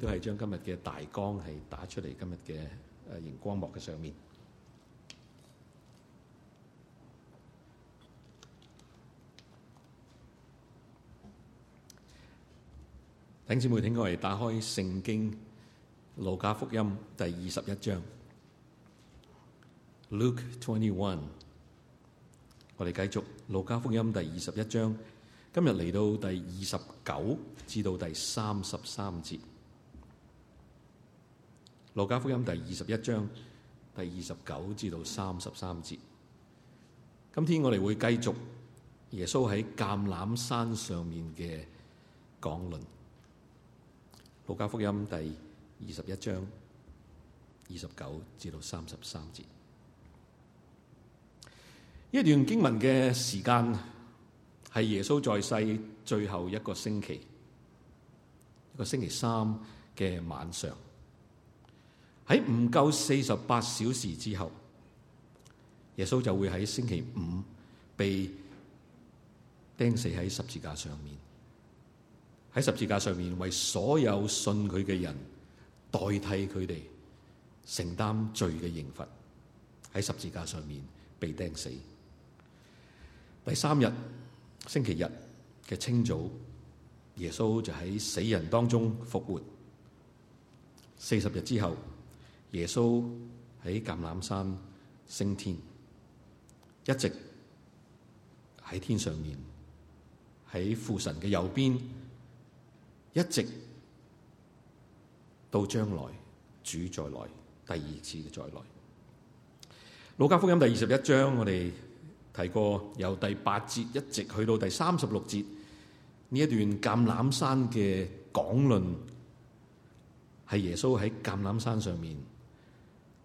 都係將今日嘅大綱係打出嚟，今日嘅誒熒光幕嘅上面。弟兄姊妹，請各位打開聖經《路加福音》第二十一章 （Luke Twenty One）。我哋繼續《路加福音》第二十一章，今日嚟到第二十九至到第三十三節。路加福音第二十一章第二十九至到三十三節，今天我哋會繼續耶穌喺橄欖山上面嘅講論。路加福音第二十一章二十九至到三十三節，呢一段經文嘅時間係耶穌在世最後一個星期，一個星期三嘅晚上。喺唔夠四十八小時之後，耶穌就會喺星期五被釘死喺十字架上面。喺十字架上面為所有信佢嘅人代替佢哋承擔罪嘅刑罰。喺十字架上面被釘死。第三日星期日嘅清早，耶穌就喺死人當中復活。四十日之後。耶穌喺橄欖山升天，一直喺天上面，喺父神嘅右邊，一直到將來主再來，第二次再來。《路加福音》第二十一章，我哋提過由第八節一直去到第三十六節呢一段橄欖山嘅講論，係耶穌喺橄欖山上面。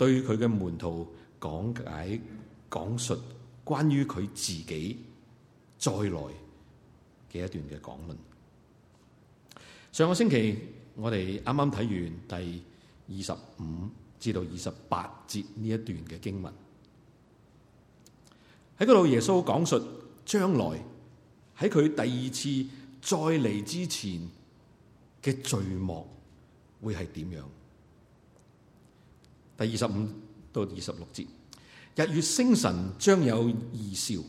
對佢嘅門徒講解、講述關於佢自己再來嘅一段嘅講論。上個星期我哋啱啱睇完第二十五至到二十八節呢一段嘅經文，喺嗰度耶穌講述將來喺佢第二次再嚟之前嘅序幕會係點樣？第二十五到二十六節，日月星辰將有異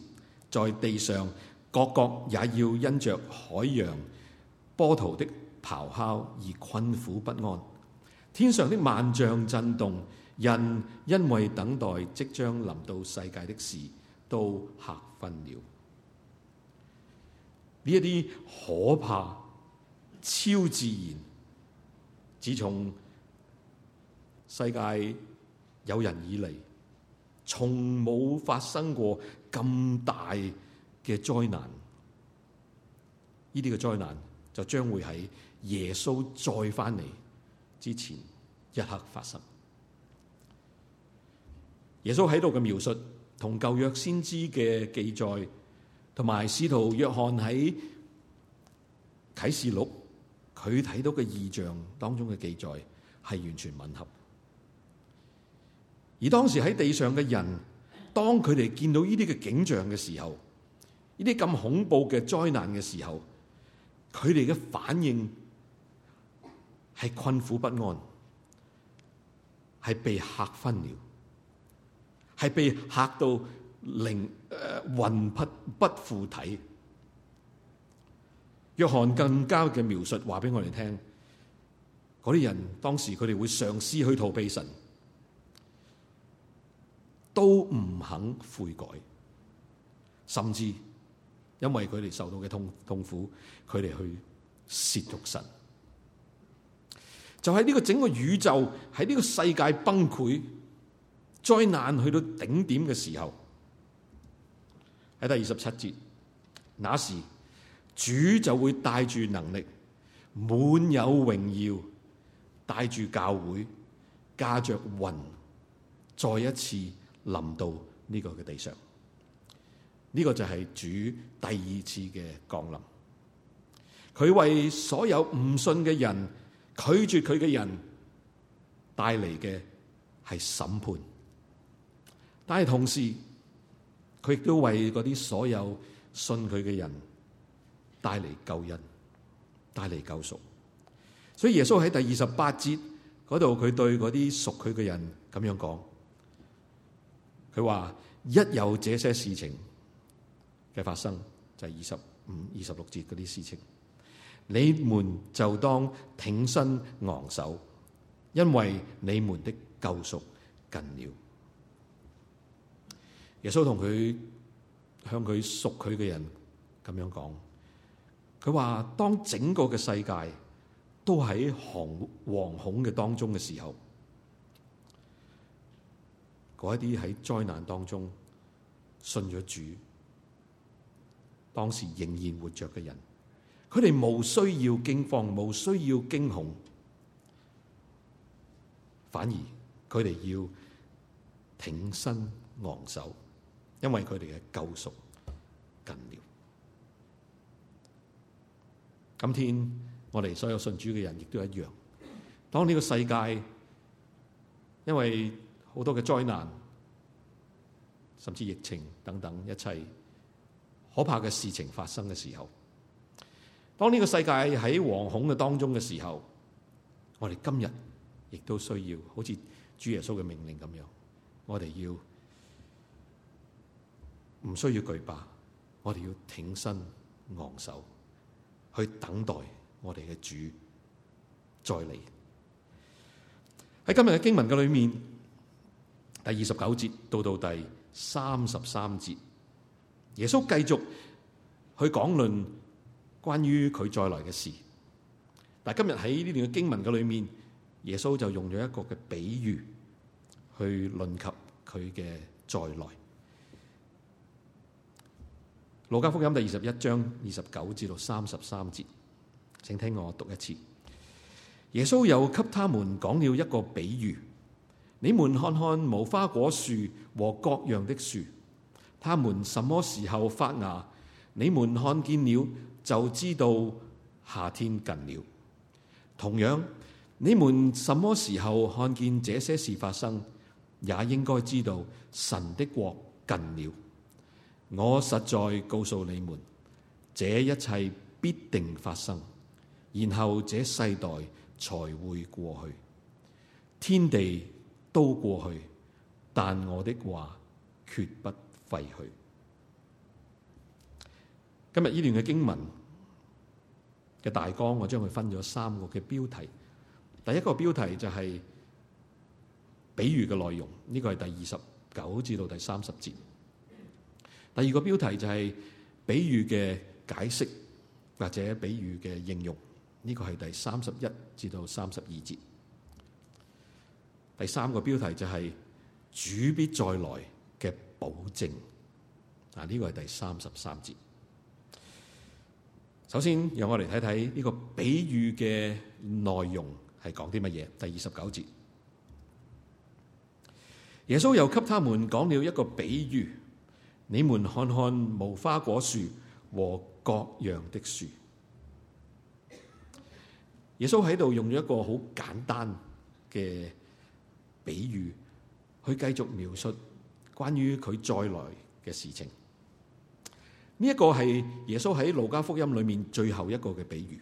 兆，在地上各國也要因着海洋波濤的咆哮而困苦不安；天上的萬象震動，人因為等待即將臨到世界的事，都吓昏了。呢一啲可怕、超自然，自從。世界有人以嚟，從冇發生過咁大嘅災難，呢啲嘅災難就將會喺耶穌再翻嚟之前一刻發生。耶穌喺度嘅描述，同舊約先知嘅記載同埋使徒約翰喺啟示錄佢睇到嘅異象當中嘅記載係完全吻合。而當時喺地上嘅人，當佢哋見到呢啲嘅景象嘅時候，呢啲咁恐怖嘅災難嘅時候，佢哋嘅反應係困苦不安，係被嚇昏了，係被嚇到令、呃、魂魄不附體。約翰更加嘅描述告訴，話俾我哋聽，嗰啲人當時佢哋會嘗試去逃避神。都唔肯悔改，甚至因為佢哋受到嘅痛痛苦，佢哋去褻瀆神。就喺、是、呢個整個宇宙喺呢個世界崩潰、災難去到頂點嘅時候，喺第二十七節，那時主就會帶住能力、滿有榮耀，帶住教會駕着雲再一次。臨到呢個嘅地上，呢個就係主第二次嘅降臨。佢為所有唔信嘅人，拒絕佢嘅人帶嚟嘅係審判，但係同時佢亦都為嗰啲所有信佢嘅人帶嚟救恩、帶嚟救贖。所以耶穌喺第二十八節嗰度，佢對嗰啲屬佢嘅人咁樣講。佢話：一有這些事情嘅發生，就係、是、二十五、二十六節嗰啲事情，你們就當挺身昂首，因為你們的救贖近了。耶穌同佢向佢屬佢嘅人咁樣講，佢話：當整個嘅世界都喺惶惶恐嘅當中嘅時候。嗰一啲喺災難當中信咗主，當時仍然活着嘅人，佢哋無需要驚慌，無需要驚恐，反而佢哋要挺身昂首，因為佢哋嘅救贖近了。今天我哋所有信主嘅人亦都一樣，當呢個世界因為好多嘅災難，甚至疫情等等一切可怕嘅事情發生嘅時候，當呢個世界喺惶恐嘅當中嘅時候，我哋今日亦都需要好似主耶穌嘅命令咁樣，我哋要唔需要懼怕？我哋要挺身昂首去等待我哋嘅主再嚟。喺今日嘅經文嘅裏面。第二十九節到到第三十三節，耶穌繼續去講論關於佢再來嘅事。但今日喺呢段嘅經文嘅裏面，耶穌就用咗一個嘅比喻去論及佢嘅再來。路加福音第二十一章二十九至到三十三節，請聽我讀一次。耶穌又給他們講了一個比喻。你們看看無花果樹和各樣的樹，它們什麼時候發芽？你們看見了就知道夏天近了。同樣，你們什麼時候看見這些事發生，也應該知道神的國近了。我實在告訴你們，這一切必定發生，然後這世代才會過去，天地。都過去，但我的話絕不廢去。今日呢段嘅經文嘅大綱，我將佢分咗三個嘅標題。第一個標題就係比喻嘅內容，呢個係第二十九至到第三十節。第二個標題就係比喻嘅解釋，或者比喻嘅應用，呢個係第三十一至到三十二節。第三個標題就係主必再來嘅保證，啊！呢個係第三十三節。首先，讓我嚟睇睇呢個比喻嘅內容係講啲乜嘢。第二十九節，耶穌又給他們講了一個比喻。你們看看無花果樹和各樣的樹。耶穌喺度用咗一個好簡單嘅比喻，去繼續描述關於佢再來嘅事情。呢一個係耶穌喺路加福音裏面最後一個嘅比喻。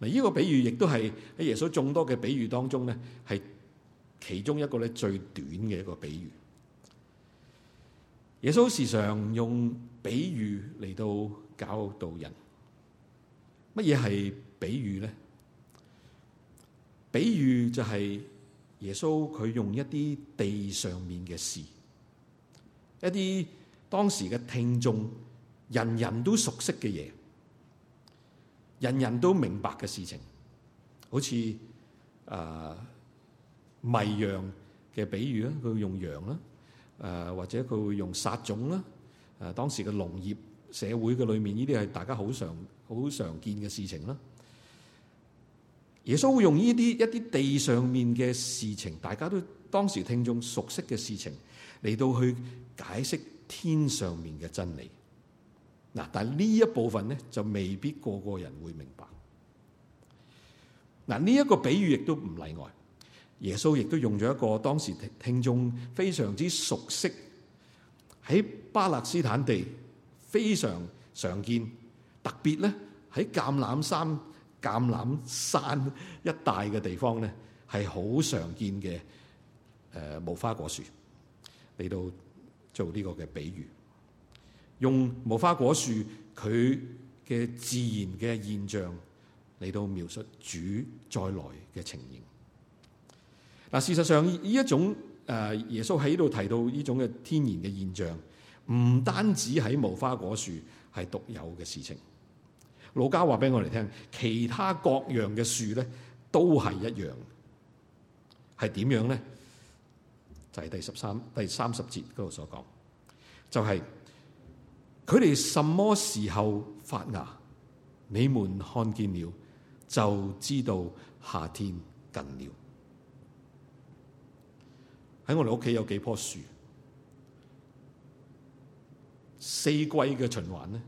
嗱，呢個比喻亦都係喺耶穌眾多嘅比喻當中咧，係其中一個咧最短嘅一個比喻。耶穌時常用比喻嚟到教導人。乜嘢係比喻咧？比喻就係。耶穌佢用一啲地上面嘅事，一啲當時嘅聽眾人人都熟悉嘅嘢，人人都明白嘅事情，好似誒迷羊嘅比喻啦，佢會用羊啦，誒或者佢會用撒種啦，誒當時嘅農業社會嘅裏面呢啲係大家好常好常見嘅事情啦。耶穌會用呢啲一啲地上面嘅事情，大家都當時聽眾熟悉嘅事情嚟到去解釋天上面嘅真理。嗱，但係呢一部分咧就未必個個人會明白。嗱，呢一個比喻亦都唔例外，耶穌亦都用咗一個當時聽聽眾非常之熟悉，喺巴勒斯坦地非常常見，特別咧喺橄欖山。橄欖山一帶嘅地方咧，係好常見嘅誒、呃、無花果樹嚟到做呢個嘅比喻，用無花果樹佢嘅自然嘅現象嚟到描述主再來嘅情形。嗱，事實上呢一種誒、呃、耶穌喺度提到呢種嘅天然嘅現象，唔單止喺無花果樹係獨有嘅事情。老家話俾我哋聽，其他各樣嘅樹咧都係一樣，係點樣咧？就係、是、第十三、第三十節嗰度所講，就係佢哋什麼時候發芽，你們看見了就知道夏天近了。喺我哋屋企有幾棵樹，四季嘅循環咧。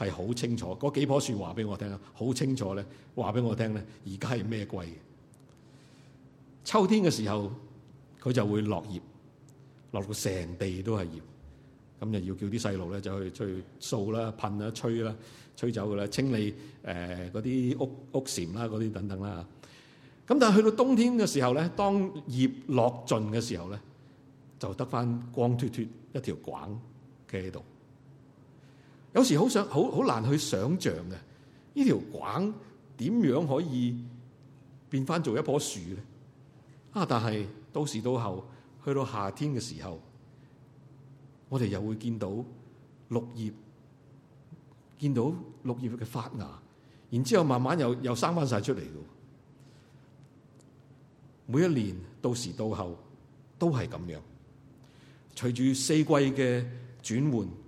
係好清楚，嗰幾棵樹話俾我聽，好清楚咧，話俾我聽咧，而家係咩季嘅？秋天嘅時候，佢就會落葉，落到成地都係葉，咁就要叫啲細路咧就去出去掃啦、噴啦、吹啦、吹走佢啦，清理誒嗰啲屋屋簷啦、嗰啲等等啦。咁但係去到冬天嘅時候咧，當葉落盡嘅時候咧，就得返光脫脫一條槓企喺度。有時好想好好難去想象嘅，呢條桿點樣可以變翻做一棵樹咧？啊！但係到時到後，去到夏天嘅時候，我哋又會見到綠葉，見到綠葉嘅發芽，然之後慢慢又又生翻晒出嚟嘅。每一年到時到後都係咁樣，隨住四季嘅轉換。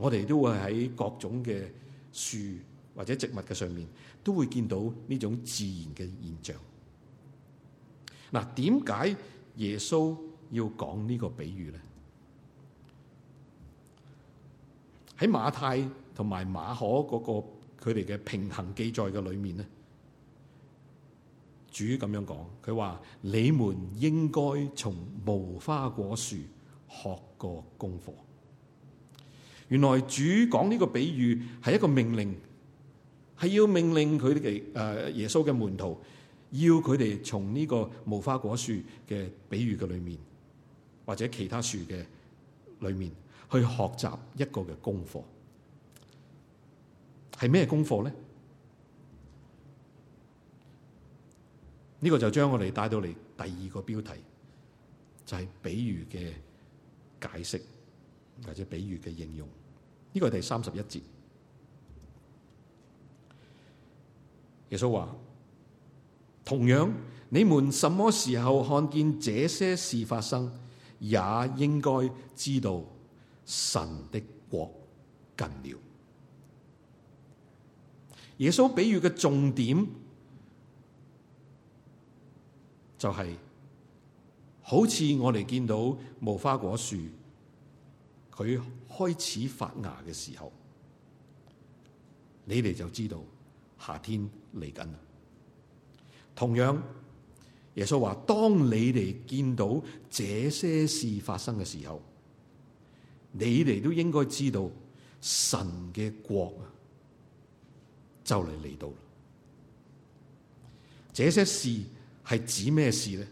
我哋都會喺各種嘅樹或者植物嘅上面，都會見到呢種自然嘅現象。嗱、啊，點解耶穌要講呢個比喻咧？喺馬太同埋馬可嗰、那個佢哋嘅平衡記載嘅裏面咧，主咁樣講，佢話：你們應該從無花果樹學過功課。原來主講呢個比喻係一個命令，係要命令佢哋嘅，誒，耶穌嘅門徒，要佢哋從呢個無花果樹嘅比喻嘅裏面，或者其他樹嘅裏面去學習一個嘅功課，係咩功課咧？呢、呢個就將我哋帶到嚟第二個標題，就係、係、比喻嘅解釋，或者比喻嘅應用。呢、這個係第三十一節，耶穌話：同樣，你們什麼時候看見這些事發生，也應該知道神的國近了。耶穌比喻嘅重點就係、是，好似我哋見到無花果樹。佢開始發芽嘅時候，你哋就知道夏天嚟緊啦。同樣，耶穌話：當你哋見到這些事發生嘅時候，你哋都應該知道神嘅國就嚟嚟到。這些事係指咩事咧？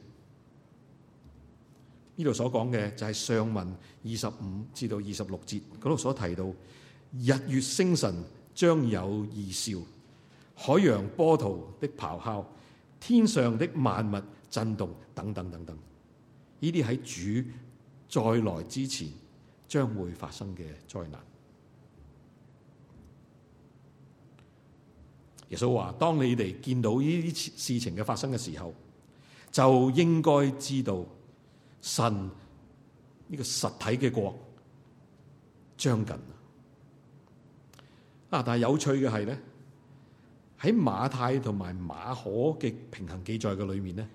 呢度所講嘅就係上文二十五至到二十六節嗰度所提到，日月星辰將有異兆，海洋波濤的咆哮，天上的萬物震動，等等等等。呢啲喺主再來之前將會發生嘅災難。耶穌話：當你哋見到呢啲事情嘅發生嘅時候，就應該知道。神呢，這個實體嘅國將近啦，啊！但係有趣嘅係咧，喺馬太同埋馬可嘅平衡記載嘅裏面咧，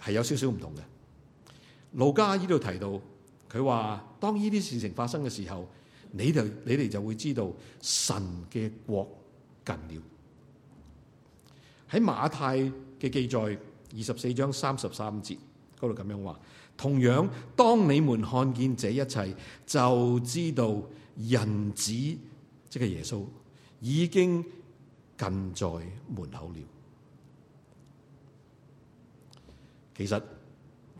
係有少少唔同嘅。路加呢度提到，佢話當呢啲事情發生嘅時候，你就你哋就會知道神嘅國近了。喺馬太嘅記載，二十四章三十三節。嗰度咁樣話，同樣當你們看見這一切，就知道人子即係耶穌已經近在門口了。其實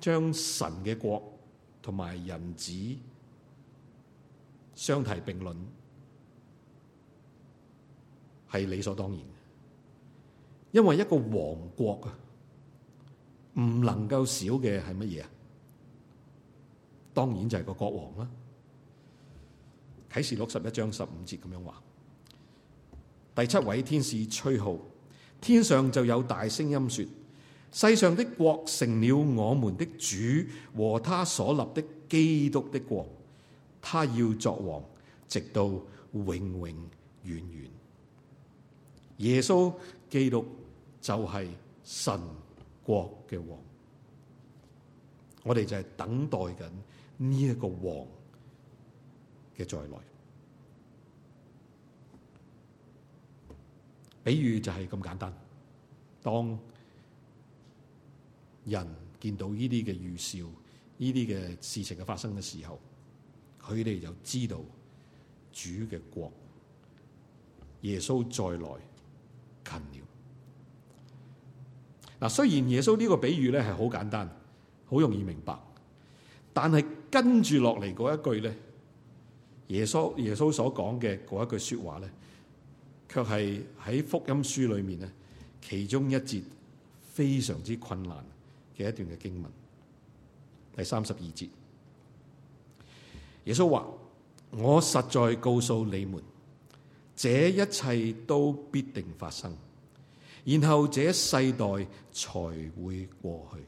將神嘅國同埋人子相提並論係理所當然，因為一個王國啊。唔能夠少嘅係乜嘢啊？當然就係個國王啦。啟示錄十一章十五節咁樣話：第七位天使吹號，天上就有大聲音說：世上的國成了我們的主和他所立的基督的國，他要作王，直到永永遠遠。耶穌基督就係神。國嘅王，我哋就係等待緊呢一個王嘅再來。比喻就係咁簡單，當人見到呢啲嘅預兆、呢啲嘅事情嘅發生嘅時候，佢哋就知道主嘅國、耶穌再來近了。嗱，雖然耶穌呢個比喻咧係好簡單，好容易明白，但係跟住落嚟嗰一句咧，耶穌耶穌所講嘅一句說話咧，卻係喺福音書裏面咧，其中一節非常之困難嘅一段嘅經文，第三十二節，耶穌話：我實在告訴你們，這一切都必定發生。然後這世代才會過去。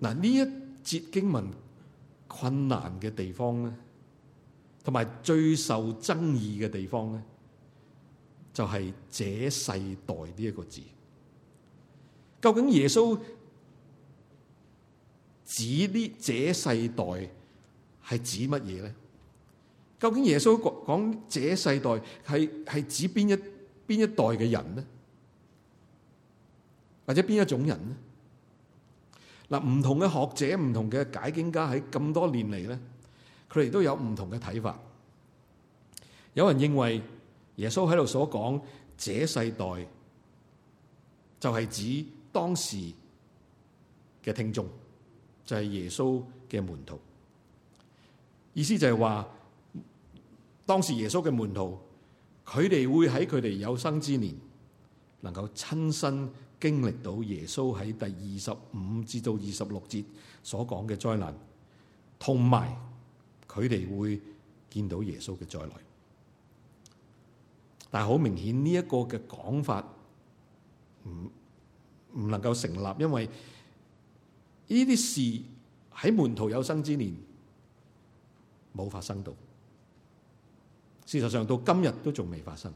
嗱，呢一節經文困難嘅地方咧，同埋最受爭議嘅地方咧，就係、是“這世代”呢一個字。究竟耶穌指呢“這世代”係指乜嘢咧？究竟耶穌講“這世代”係係指邊一？邊一代嘅人呢？或者邊一種人呢？嗱，唔同嘅學者、唔同嘅解經家喺咁多年嚟咧，佢哋都有唔同嘅睇法。有人認為耶穌喺度所講，這世代就係指當時嘅聽眾，就係耶穌嘅門徒。意思就係話，當時耶穌嘅門徒。佢哋會喺佢哋有生之年，能夠親身經歷到耶穌喺第二十五至到二十六節所講嘅災難，同埋佢哋會見到耶穌嘅再來。但係好明顯呢一個嘅講法唔唔能夠成立，因為呢啲事喺門徒有生之年冇發生到。事實上，到今日都仲未發生。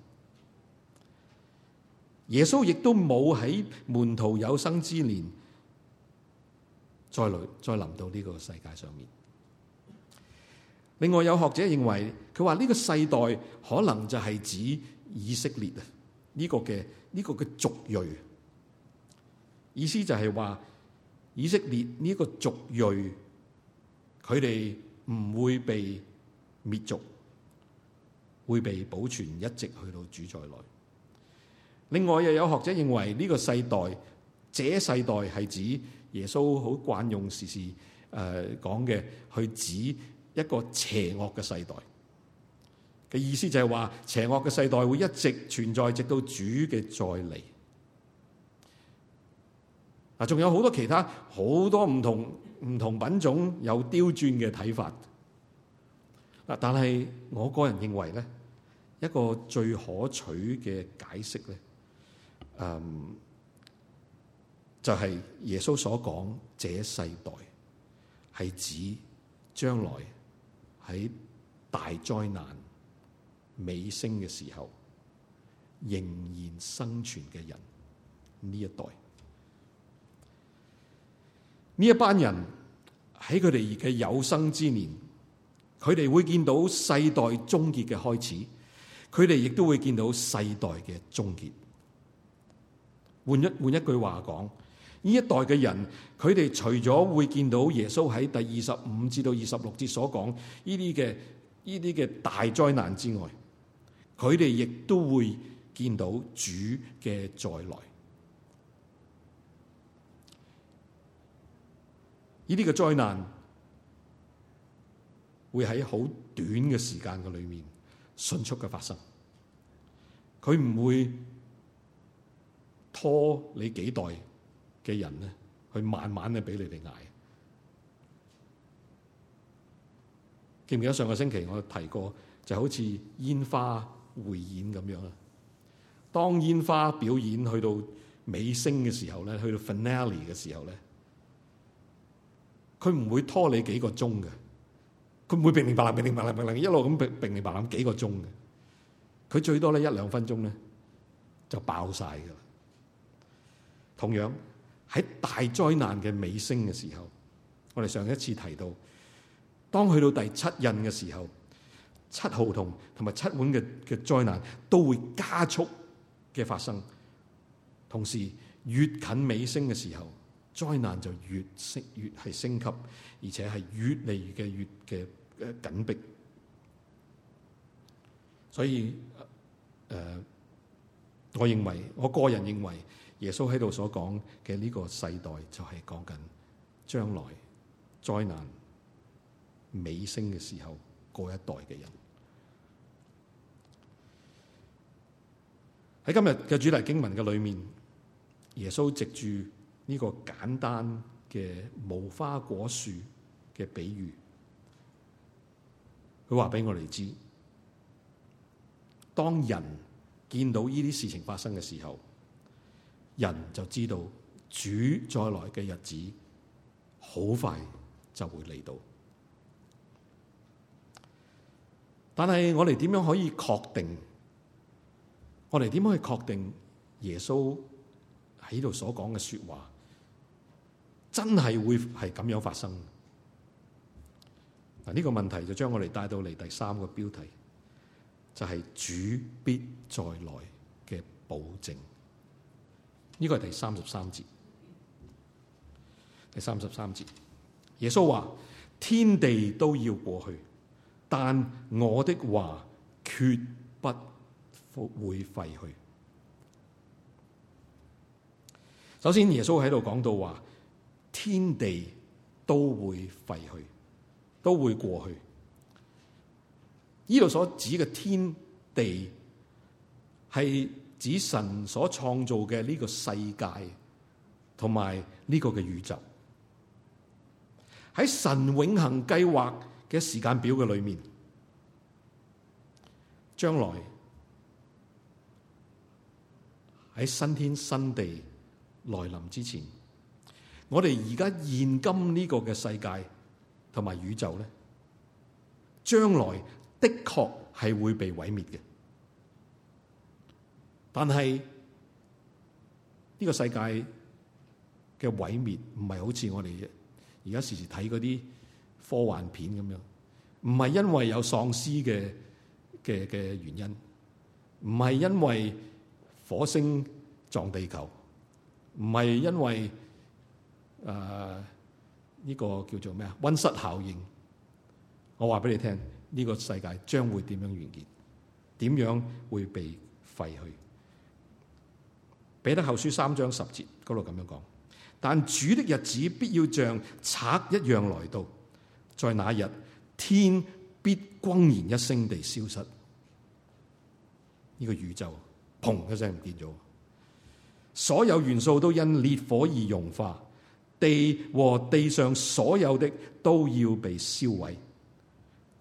耶穌亦都冇喺門徒有生之年再來再臨到呢個世界上面。另外有學者認為，佢話呢個世代可能就係指以色列啊呢個嘅呢個嘅族裔，意思就係話以色列呢個族裔佢哋唔會被滅族。會被保存，一直去到主在內。另外又有學者認為呢個世代，這世代係指耶穌好慣用時事誒講嘅，去指一個邪惡嘅世代。嘅意思就係話邪惡嘅世代會一直存在，直到主嘅再嚟。嗱，仲有好多其他好多唔同唔同品種有刁鑽嘅睇法。但係我個人認為咧，一個最可取嘅解釋咧，嗯，就係、是、耶穌所講，這世代係指將來喺大災難尾聲嘅時候仍然生存嘅人，呢一代呢一班人喺佢哋嘅有生之年。佢哋會見到世代終結嘅開始，佢哋亦都會見到世代嘅終結。換一換一句話講，呢一代嘅人，佢哋除咗會見到耶穌喺第二十五至到二十六節所講呢啲嘅呢啲嘅大災難之外，佢哋亦都會見到主嘅再來。呢啲嘅災難會喺好短嘅時間嘅裏面迅速嘅發生，佢唔會拖你幾代嘅人咧，去慢慢咧俾你哋捱。記唔記得上個星期我提過，就好似煙花匯演咁樣啊？當煙花表演去到尾聲嘅時候咧，去到 finale 嘅時候咧，佢唔會拖你幾個鐘嘅。佢唔會並明白啦，並明白啦，並明白，一路咁並並明白咁幾個鐘嘅，佢最多咧一兩分鐘咧就爆曬㗎喇。同樣喺大災難嘅尾聲嘅時候，我哋上一次提到，當去到第七印嘅時候，七號同同埋七碗嘅嘅災難都會加速嘅發生。同時越近尾聲嘅時候，災難就越升越係升級，而且係越嚟越嘅越嘅嘅緊迫，所以誒、呃，我認為我個人認為，耶穌喺度所講嘅呢個世代就講將，就係講緊將來災難尾聲嘅時候，嗰一代嘅人。喺今日嘅主題經文嘅裏面，耶穌藉住呢個簡單嘅無花果樹嘅比喻。佢話俾我哋知，當人見到呢啲事情發生嘅時候，人就知道主再來嘅日子好快就會嚟到。但係我哋點樣可以確定？我哋點樣去確定耶穌喺度所講嘅說話真係會係咁樣發生？嗱，呢個問題就將我哋帶到嚟第三個標題，就係主必再來嘅保證。呢個係第三十三節，第三十三節，耶穌話：天地都要過去，但我的話決不會廢去。首先，耶穌喺度講到話：天地都會廢去。都會過去。呢度所指嘅天地，係指神所創造嘅呢個世界，同埋呢個嘅宇宙。喺神永恆計劃嘅時間表嘅裏面，將來喺新天新地來臨之前，我哋而家現今呢個嘅世界。同埋宇宙咧，將來的確係會被毀滅嘅。但係呢個世界嘅毀滅唔係好似我哋而家時時睇嗰啲科幻片咁樣，唔係因為有喪屍嘅嘅嘅原因，唔係因為火星撞地球，唔係因為誒，呃呢、這個叫做咩啊？溫室效應。我話俾你聽，呢、這個世界將會點樣完結？點樣會被廢去？彼得後書三章十節嗰度咁樣講：但主的日子必要像賊一樣來到，在那一日天必轟然一聲地消失。呢、這個宇宙，砰一聲唔見咗，所有元素都因烈火而融化。地和地上所有的都要被燒毀，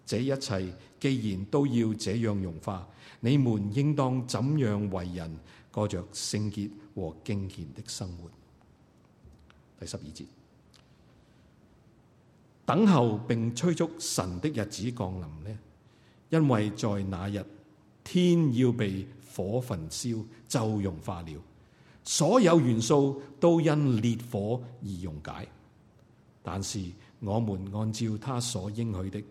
這一切既然都要這樣融化，你們應當怎樣為人過着聖潔和敬虔的生活？第十二節，等候並催促神的日子降臨呢？因為在那日，天要被火焚燒，就融化了。所有元素都因烈火而溶解，但是我們按照他所應許的，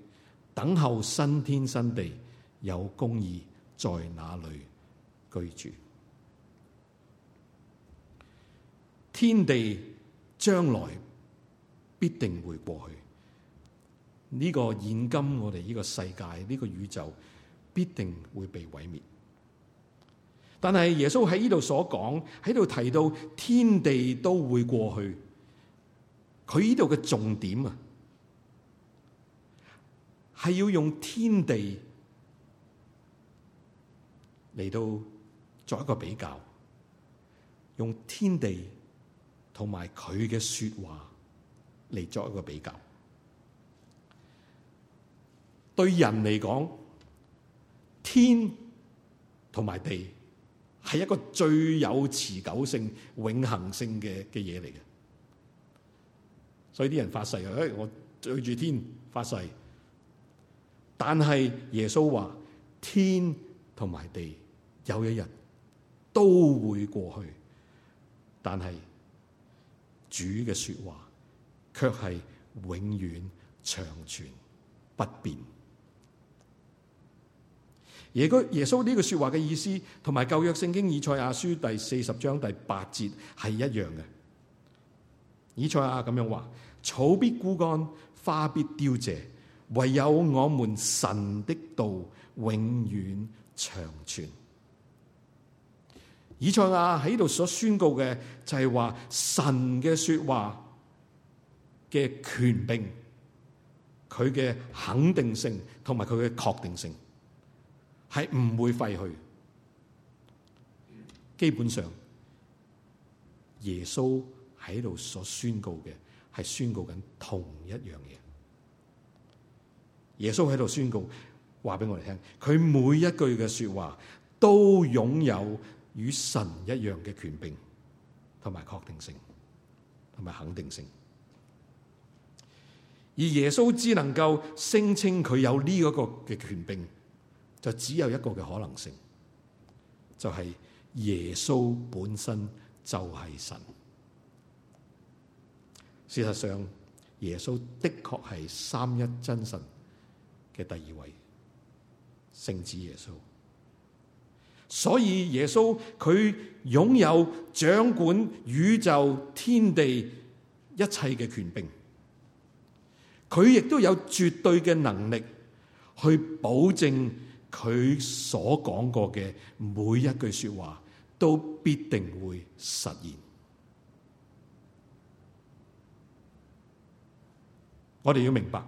等候新天新地，有公義在那裡居住。天地將來必定會過去，呢個現今我哋呢個世界呢個宇宙必定會被毀滅。但係耶穌喺呢度所講，喺度提到天地都會過去，佢呢度嘅重點啊，係要用天地嚟到作一個比較，用天地同埋佢嘅說話嚟作一個比較，對人嚟講，天同埋地。係一個最有持久性、永恆性嘅嘅嘢嚟嘅，所以啲人發誓啊！誒，我對住天發誓，但係耶穌話：天同埋地有一日都會過去，但係主嘅說話卻係永遠長存不變。耶穌呢句說話嘅意思，同埋舊約聖經以賽亞書第四十章第八節係一樣嘅。以賽亞咁樣話：草必枯乾，花必凋謝，唯有我們神的道永遠長存。以賽亞喺度所宣告嘅就係話神嘅說話嘅權柄，佢嘅肯定性同埋佢嘅確定性。係唔會廢去，基本上耶穌喺度所宣告嘅係宣告緊同一樣嘢。耶穌喺度宣告，話俾我哋聽，佢每一句嘅說話都擁有與神一樣嘅權柄，同埋確定性，同埋肯定性。而耶穌只能夠聲稱佢有呢一個嘅權柄。就只有一個嘅可能性，就係耶穌本身就係神。事實上，耶穌的確係三一真神嘅第二位聖子耶穌。所以耶穌佢擁有掌管宇宙天地一切嘅權柄，佢亦都有絕對嘅能力去保證。佢所講過嘅每一句說話，都必定會實現。我哋要明白，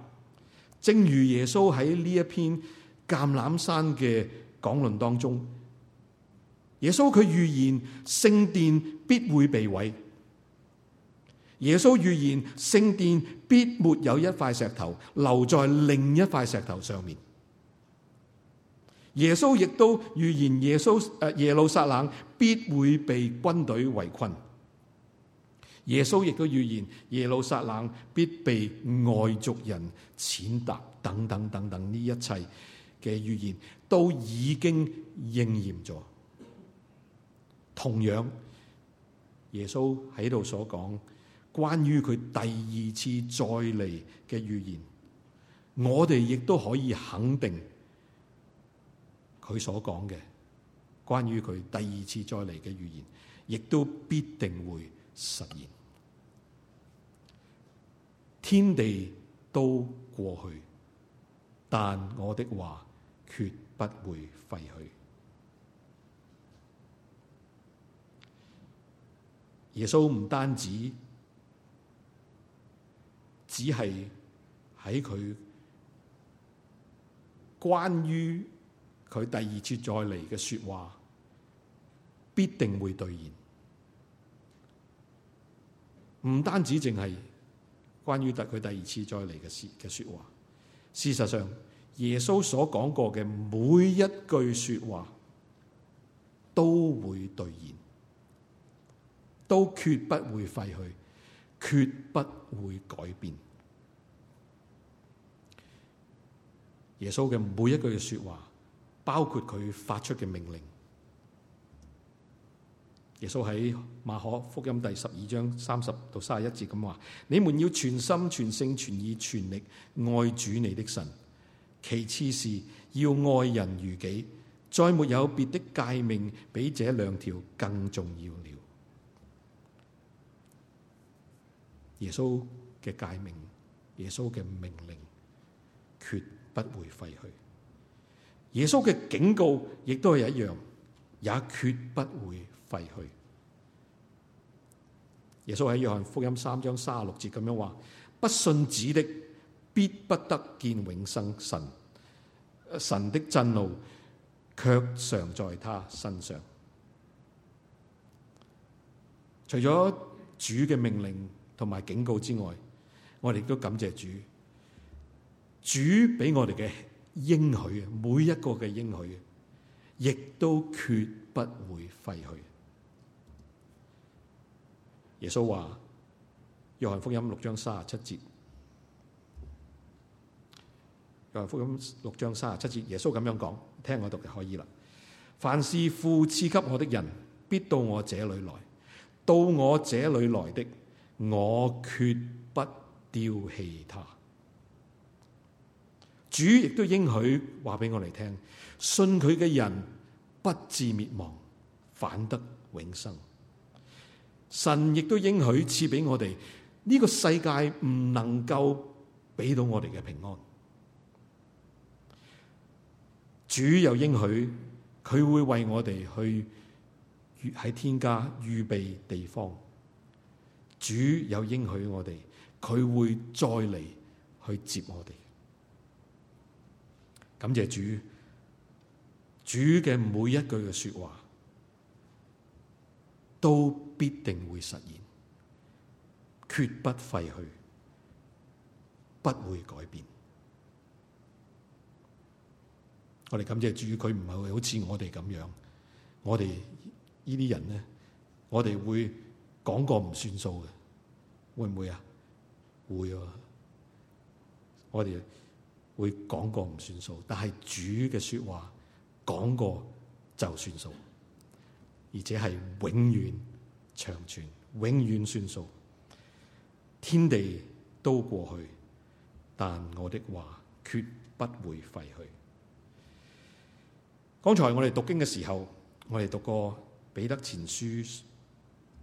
正如耶穌喺呢一篇橄欖山嘅講論當中，耶穌佢預言聖殿必會被毀。耶穌預言聖殿必沒有一塊石頭留在另一塊石頭上面。耶穌亦都預言耶穌誒耶路撒冷，必會被軍隊圍困。耶穌亦都預言耶路撒冷必被外族人踐踏等等等等，呢一切嘅預言都已經應驗咗。同樣，耶穌喺度所講關於佢第二次再嚟嘅預言，我哋亦都可以肯定。佢所講嘅關於佢第二次再嚟嘅預言，亦都必定會實現。天地都過去，但我的話決不會廢去。耶穌唔單止，只係喺佢關於。佢第二次再嚟嘅說話必定會兌現，唔單止淨係關於特佢第二次再嚟嘅事嘅說話。事實上，耶穌所講過嘅每一句說話都會兌現，都決不會廢去，決不會改變。耶穌嘅每一句說話。包括佢發出嘅命令，耶穌喺馬可福音第十二章三十到三十一節咁話：「你們要全心、全性、全意、全力愛主你的神。其次是要愛人如己，再沒有別的誡命比這兩條更重要了。耶穌嘅誡命，耶穌嘅命令，決不會廢去。耶穌嘅警告亦都係一樣，也絕不會廢去。耶穌喺約翰福音三章三十六節咁樣話：「不信子的，必不得見永生神。神的震怒卻常在他身上。」除咗主嘅命令同埋警告之外，我哋亦都感謝主。主俾我哋嘅。應許啊，每一個嘅應許，亦都決不會廢去。耶穌話：約翰福音六章三十七節，約翰福音六章三十七節，耶穌咁樣講，聽我讀就可以啦。凡是父賜給我的人，必到我這裏來；到我這裏來的，我決不丟棄他。主亦都應許話俾我哋聽，信佢嘅人不至滅亡，反得永生。神亦都應許賜俾我哋，呢個世界唔能夠俾到我哋嘅平安。主又應許，佢會為我哋去喺天家預備地方。主又應許我哋，佢會再嚟去接我哋。感謝主，主嘅每一句嘅說話都必定會實現，絕不廢去，不會改變。我哋感謝主，佢唔係好似我哋咁樣，我哋呢啲人呢，我哋會講個唔算數嘅，會唔會啊？會啊！我哋。會講過唔算數，但係主嘅說話講過就算數，而且係永遠長存，永遠算數。天地都過去，但我的話決不會廢去。剛才我哋讀經嘅時候，我哋讀過彼得前書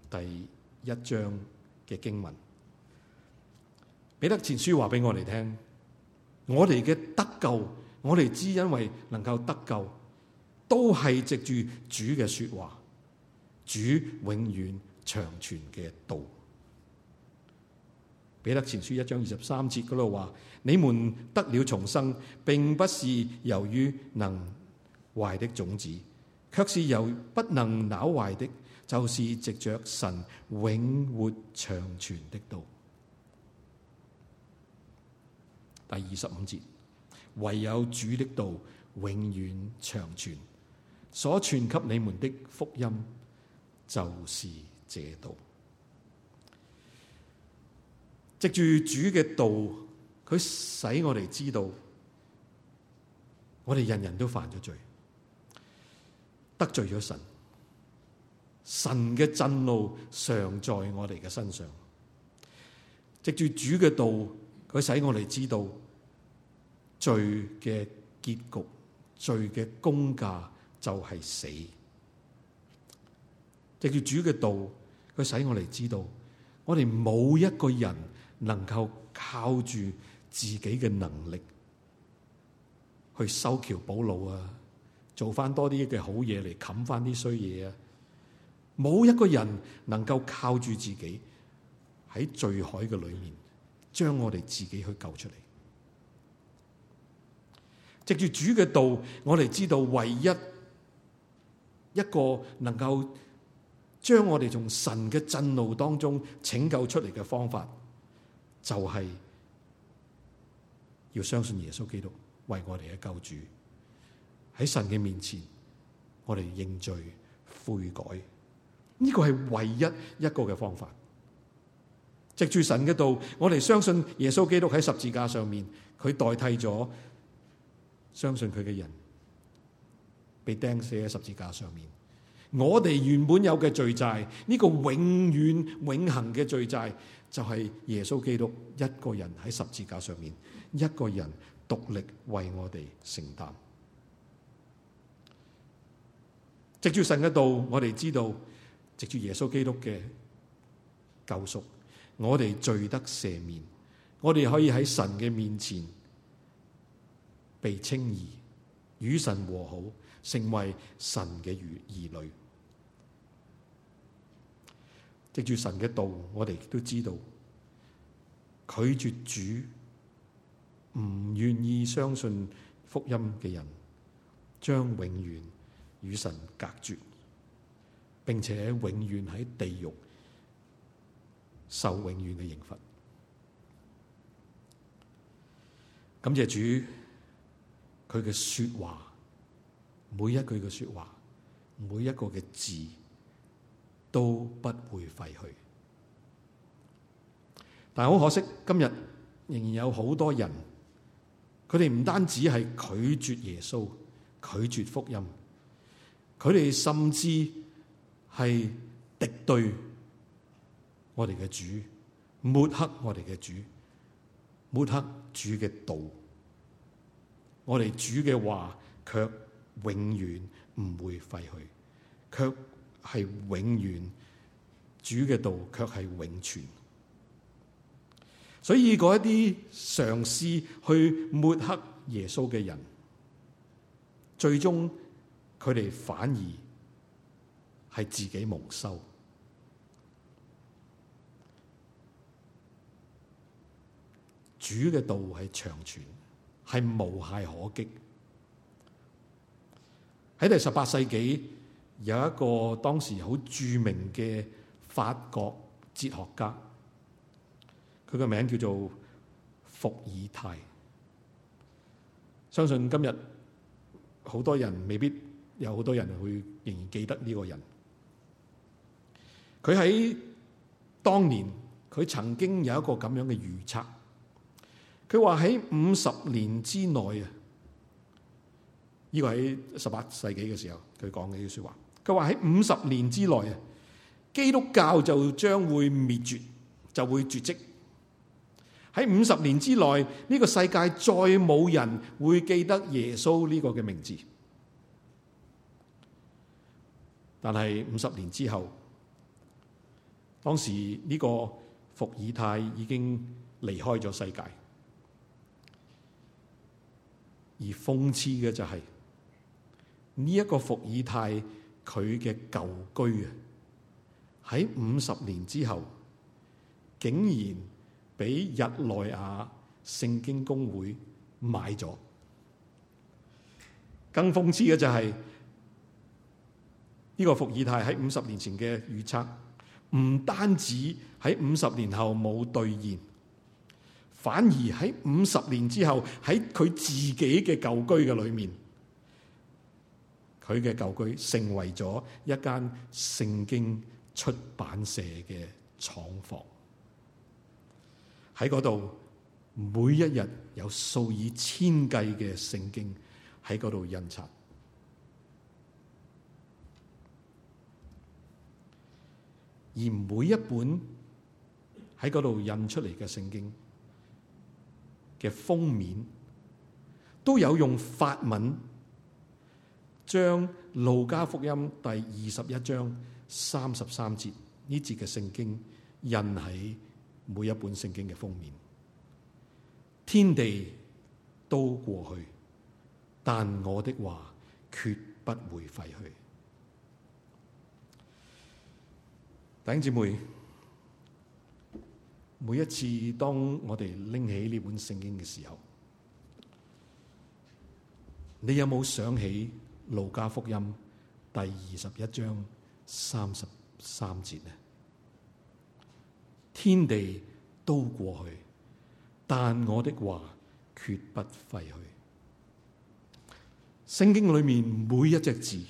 第一章嘅經文。彼得前書話俾我哋聽。嗯我哋嘅得救，我哋只因為能夠得救，都係藉住主嘅說話，主永遠長存嘅道。彼得前書一章二十三節嗰度話：你們得了重生，並不是由於能壞的種子，卻是由不能朽壞的，就是藉着神永活長存的道。第二十五節，唯有主的道永遠長存，所傳給你們的福音就是這道。藉住主嘅道，佢使我哋知道，我哋人人都犯咗罪，得罪咗神，神嘅震怒常在我哋嘅身上。藉住主嘅道。佢使我哋知道罪嘅結局，罪嘅工價就係死。就叫主嘅道，佢使我哋知道，我哋冇一個人能夠靠住自己嘅能力去修橋補路啊，做翻多啲嘅好嘢嚟冚翻啲衰嘢啊，冇一個人能夠靠住自己喺罪海嘅裏面。將我哋自己去救出嚟。藉住主嘅道，我哋知道唯一一個能夠將我哋從神嘅震怒當中拯救出嚟嘅方法，就係要相信耶穌基督為我哋嘅救主。喺神嘅面前，我哋認罪悔改，呢個係唯一一個嘅方法。藉住神嘅道，我哋相信耶穌基督喺十字架上面，佢代替咗相信佢嘅人，被釘死喺十字架上面。我哋原本有嘅罪債，呢個永遠永恒嘅罪債，就係耶穌基督一個人喺十字架上面，一個人獨力為我哋承擔。藉住神嘅道，我哋知道，藉住耶穌基督嘅救贖。我哋罪得赦免，我哋可以喺神嘅面前被稱義，與神和好，成為神嘅兒女。藉住神嘅道，我哋都知道拒絕主、唔願意相信福音嘅人，將永遠與神隔絕，並且永遠喺地獄受永遠嘅刑罰。感謝主，佢嘅說話，每一句嘅說話，每一個嘅字，都不會廢去。但係好可惜，今日仍然有好多人，佢哋唔單止係拒絕耶穌，拒絕福音，佢哋甚至係敵對。我哋嘅主，抹黑我哋嘅主，抹黑主嘅道。我哋主嘅話卻永遠唔會廢去，卻係永遠主嘅道卻係永存。所以嗰一啲嘗試去抹黑耶穌嘅人，最終佢哋反而係自己蒙羞。主嘅道係長存，係無懈可擊。喺第十八世紀，有一個當時好著名嘅法國哲學家，佢個名叫做伏爾泰。相信今日好多人未必有好多人會仍然記得呢個人。佢喺當年，佢曾經有一個咁樣嘅預測。佢話喺五十年之內啊，呢個喺十八世紀嘅時候佢講嘅呢句說話。佢話喺五十年之內啊，基督教就將會滅絕，就會絕跡。喺五十年之內，呢個世界再冇人會記得耶穌呢個嘅名字。但係五十年之後，當時呢個伏爾泰已經離開咗世界。而諷刺嘅就係呢個個伏爾泰佢嘅舊居在喺五十年之後，竟然畀日內瓦聖經公會買咗。更諷刺嘅就係、是、呢、這個伏爾泰喺五十年前嘅預測，唔單止喺五十年後冇兌現。反而喺五十年之後，喺佢自己嘅舊居嘅裏面，佢嘅舊居成為咗一間聖經出版社嘅廠房。喺嗰度，每一日有數以千計嘅聖經喺嗰度印刷，而每一本喺嗰度印出嚟嘅聖經，嘅封面都有用法文將路加福音第二十一章三十三節呢節嘅聖經印喺每一本聖經嘅封面。天地都過去，但我的話決不會廢去。弟兄姐妹，每一次當我哋拎起呢本聖經嘅時候，你有冇想起路加福音第二十一章三十三節呢？天地都過去，但我的話絕不廢去。聖經裏面每一隻字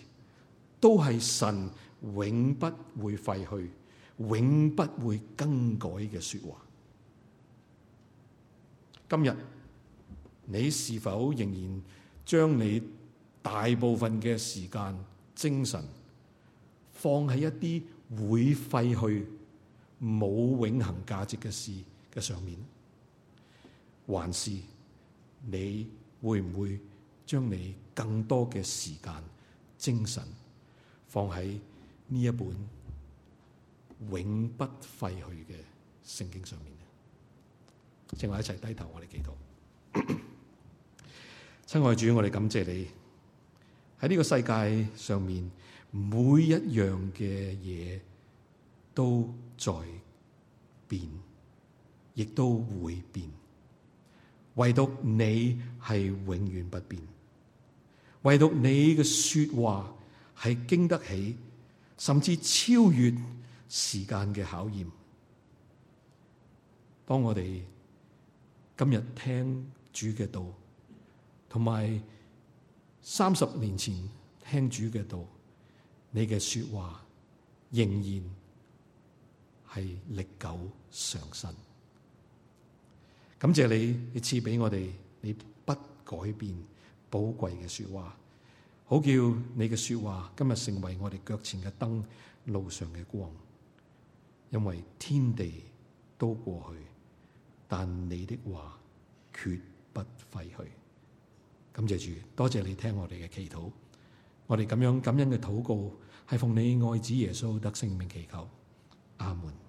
都係神永不會廢去。永不會更改嘅說話。今日，你是否仍然將你大部分嘅時間、精神放喺一啲會廢去、冇永恒價值嘅事嘅上面，還是你會唔會將你更多嘅時間、精神放喺呢一本？永不廢去嘅聖經上面，請我一齊低頭我，我哋祈禱，親愛主，我哋感謝你喺呢個世界上面，每一樣嘅嘢都在變，亦都會變，唯獨你係永遠不變，唯獨你嘅說話係經得起，甚至超越。時間嘅考驗，當我哋今日聽主嘅道，同埋三十年前聽主嘅道，你嘅說話仍然係歷久常新。感謝你，你賜俾我哋，你不改變寶貴嘅說話，好叫你嘅說話今日成為我哋腳前嘅燈，路上嘅光。因為天地都過去，但你的話決不廢去。感謝主，多謝你聽我哋嘅祈禱，我哋咁樣感恩嘅禱告，是奉你愛子耶穌得聖命祈求。阿門。